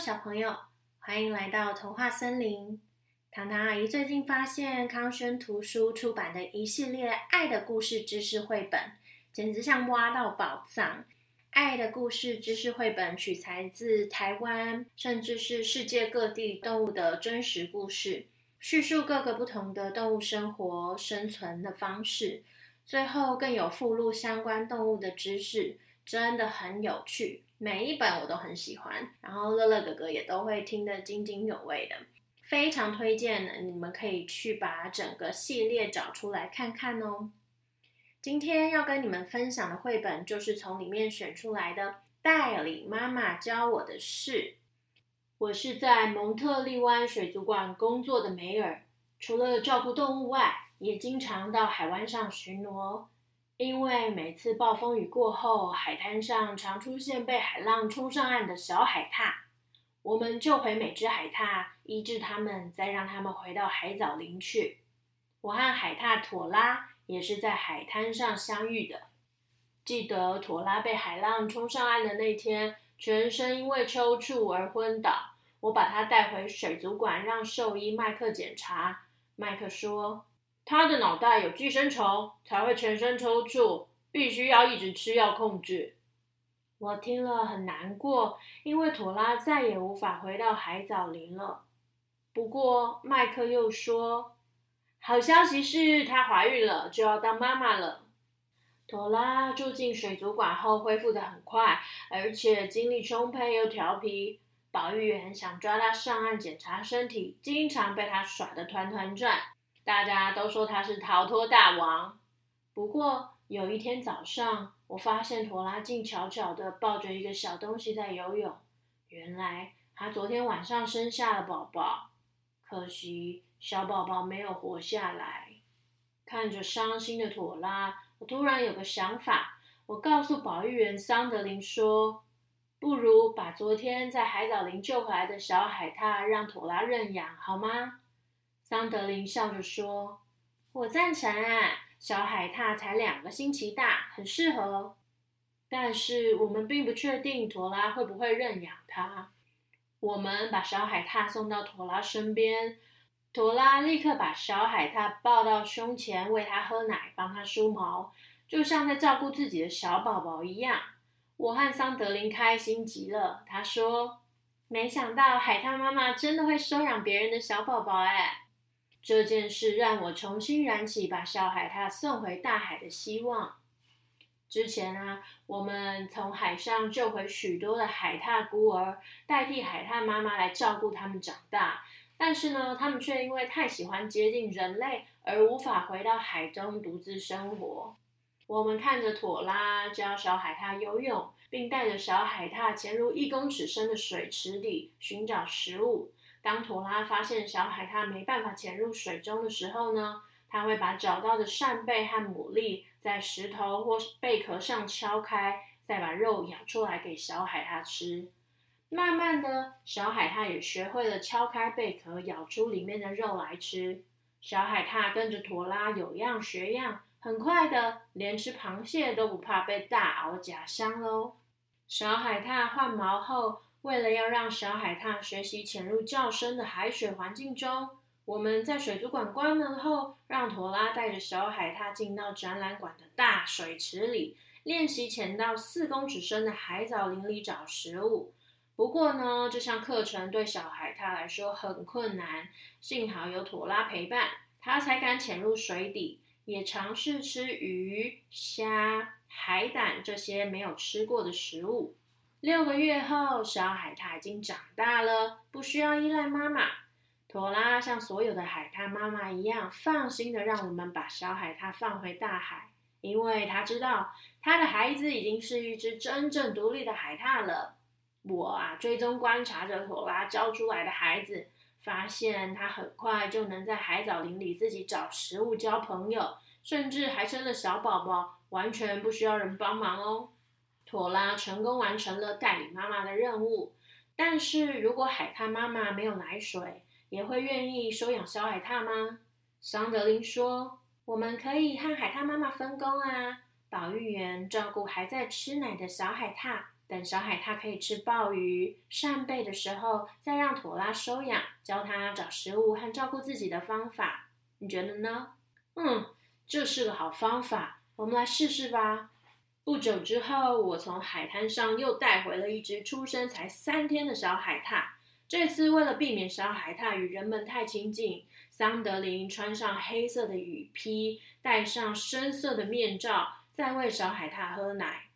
小朋友，歡迎來到童話森林。糖糖阿姨最近發現康軒圖書出版的一系列《愛的故事》知識繪本，簡直像挖到寶藏！《愛的故事》知識繪本取材自台灣，甚至是世界各地動物的真實故事，敘述各個不同的動物生活生存的方式，最後更有附錄相關動物的知識，真的很有趣。每一本我都很喜歡，然後樂樂哥哥也都會聽得津津有味的，非常推薦你們可以去把整個系列找出來看看哦。今天要跟你們分享的繪本就是從裡面選出來的，《代理媽媽教我的事》。我是在蒙特利灣水族館工作的梅爾，除了照顧動物外，也經常到海灣上巡邏。因為每次暴風雨過後，海灘上常出現被海浪沖上岸的小海獺。我們救回每隻海獺，醫治它們，再讓它們回到海藻林去。我和海獺妥拉也是在海灘上相遇的。記得妥拉被海浪沖上岸的那天，全身因為抽搐而昏倒。我把他帶回水族館，讓獸醫麥克檢查。麥克說。他的腦袋有寄生蟲，才會全身抽搐，必須要一直吃藥控制。我聽了很難過，因為托拉再也無法回到海藻林了。不過麥克又說，好消息是她懷孕了，就要當媽媽了。托拉住進水族館後恢復得很快，而且精力充沛又調皮。保育員想抓她上岸檢查身體，經常被她耍得團團轉。大家都說他是逃脫大王。不過有一天早上，我發現托拉靜悄悄的抱着一個小東西在游泳。原來他昨天晚上生下了寶寶，可惜小寶寶沒有活下來。看着傷心的托拉，我突然有個想法。我告訴保育員桑德林說：“不如把昨天在海藻林救回來的小海獺讓托拉認養，好嗎？”桑德林笑着說：“我贊成啊，小海獺才兩個星期大，很適合。但是我們並不確定朵拉會不會認養它。我們把小海獺送到朵拉身邊，朵拉立刻把小海獺抱到胸前，餵它喝奶，幫它梳毛，就像在照顧自己的小寶寶一樣。我和桑德林開心極了。他說：‘沒想到海獺媽媽真的會收養別人的小寶寶欸。’哎。”這件事讓我重新燃起把小海獺送回大海的希望。之前啊，我們從海上救回許多的海獺孤兒，代替海獺媽媽來照顧它們長大。但是呢，它們卻因為太喜歡接近人類，而無法回到海中獨自生活。我們看着妥拉教小海獺游泳，並帶着小海獺潛入一公尺深的水池裡，尋找食物。當陀拉發現小海獺沒辦法潛入水中的時候呢，他會把找到的扇貝和牡蠣在石頭或貝殼上敲開，再把肉咬出來給小海獺吃。慢慢的，小海獺也學會了敲開貝殼，咬出裡面的肉來吃。小海獺跟着陀拉有樣學樣，很快的連吃螃蟹都不怕被大螯夾傷嘍。小海獺換毛後。為了要讓小海獺學習潛入較深的海水環境中，我們在水族館關門後，讓托拉帶着小海獺進到展覽館的大水池裡，練習潛到四公尺深的海藻林裡找食物。不過呢，這項課程對小海獺來說很困難，幸好有托拉陪伴，它才敢潛入水底，也嘗試吃魚、蝦、海膽這些沒有吃過的食物。六個月後，小海獺已經長大了，不需要依賴媽媽。托拉像所有的海獺媽媽一樣，放心地讓我們把小海獺放回大海，因為她知道她的孩子已經是一隻真正獨立的海獺了。我啊，追蹤觀察着托拉教出來的孩子，發現他很快就能在海藻林裡自己找食物、交朋友，甚至還生了小寶寶，完全不需要人幫忙哦。妥拉成功完成了代理媽媽的任務，但是如果海獺媽媽沒有奶水，也會願意收養小海獺嗎？桑德林說：“我們可以和海獺媽媽分工啊，保育員照顧還在吃奶的小海獺，等小海獺可以吃鮑魚、扇貝的時候，再讓妥拉收養，教他找食物和照顧自己的方法。你覺得呢？”嗯，這是個好方法，我們來試試吧。不久之後，我從海灘上又帶回了一隻出生才三天的小海獺。這次為了避免小海獺與人們太親近，桑德林穿上黑色的雨披，戴上深色的面罩，再餵小海獺喝奶。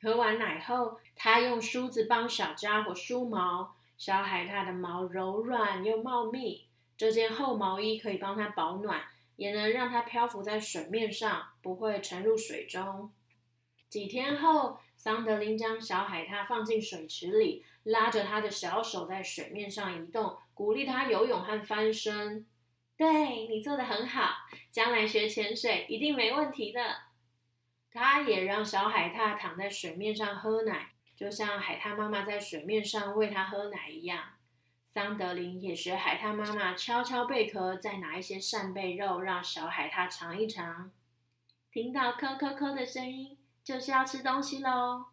喝完奶後，他用梳子幫小家伙梳毛。小海獺的毛柔軟又茂密，這件厚毛衣可以幫它保暖，也能讓它漂浮在水面上，不會沉入水中。幾天後，桑德林將小海獺放進水池裡，拉着他的小手在水面上移動，鼓勵他游泳和翻身。對，你做得很好，將來學潛水一定沒問題的。他也讓小海獺躺在水面上喝奶，就像海獺媽媽在水面上餵它喝奶一樣。桑德林也學海獺媽媽敲敲貝殼，再拿一些扇貝肉讓小海獺嘗一嘗。聽到“叩叩叩”的聲音。就是要吃東西嘍。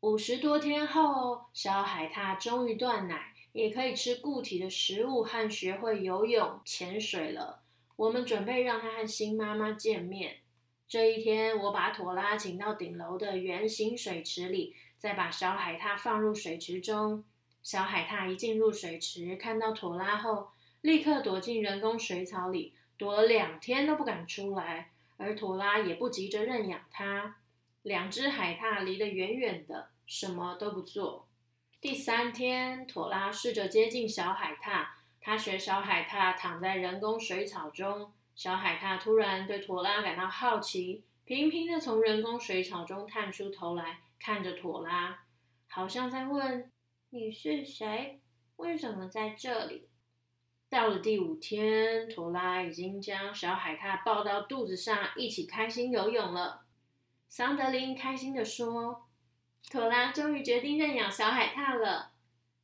五十多天後，小海獺終於斷奶，也可以吃固體的食物和學會游泳、潛水了。我們準備讓它和新媽媽見面。這一天，我把托拉請到頂樓的圓形水池裡，再把小海獺放入水池中。小海獺一進入水池，看到托拉後，立刻躲進人工水草裡，躲了兩天都不敢出來。而托拉也不急着認養它。兩隻海獺離得遠遠的，什麼都不做。第三天，托拉試着接近小海獺，她學小海獺躺在人工水草中。小海獺突然對托拉感到好奇，頻頻地從人工水草中探出頭來，看着托拉，好像在問：“你是誰？為什麼在這裡？”到了第五天，托拉已經將小海獺抱到肚子上，一起開心游泳了。桑德林開心地說：“托拉終於決定認養小海獺了，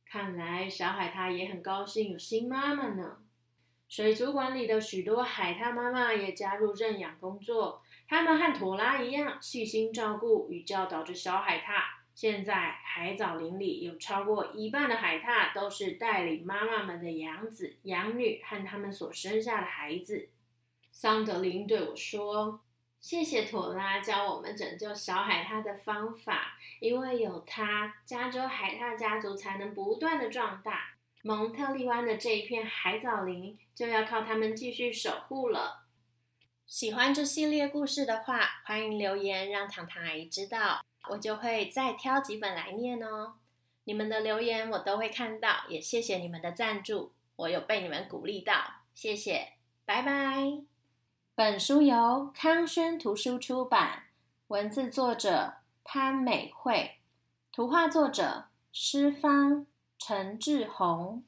看來小海獺也很高興有新媽媽呢。”水族館裡的許多海獺媽媽也加入認養工作，他們和托拉一樣，細心照顧與教導着小海獺。現在，海藻林裡有超過一半的海獺都是代理媽媽們的養子、養女和他們所生下的孩子。桑德林對我說。謝謝托拉教我們拯救小海獺的方法，因為有它，加州海獺家族才能不斷的壯大。蒙特利灣的這一片海藻林就要靠他們繼續守護了。喜歡這系列故事的話，歡迎留言讓糖糖阿姨知道，我就會再挑幾本來念哦。你們的留言我都會看到，也謝謝你們的贊助，我有被你們鼓勵到，謝謝，拜拜。本書由康軒圖書出版，文字作者潘美慧，圖畫作者施芳、陳志鴻。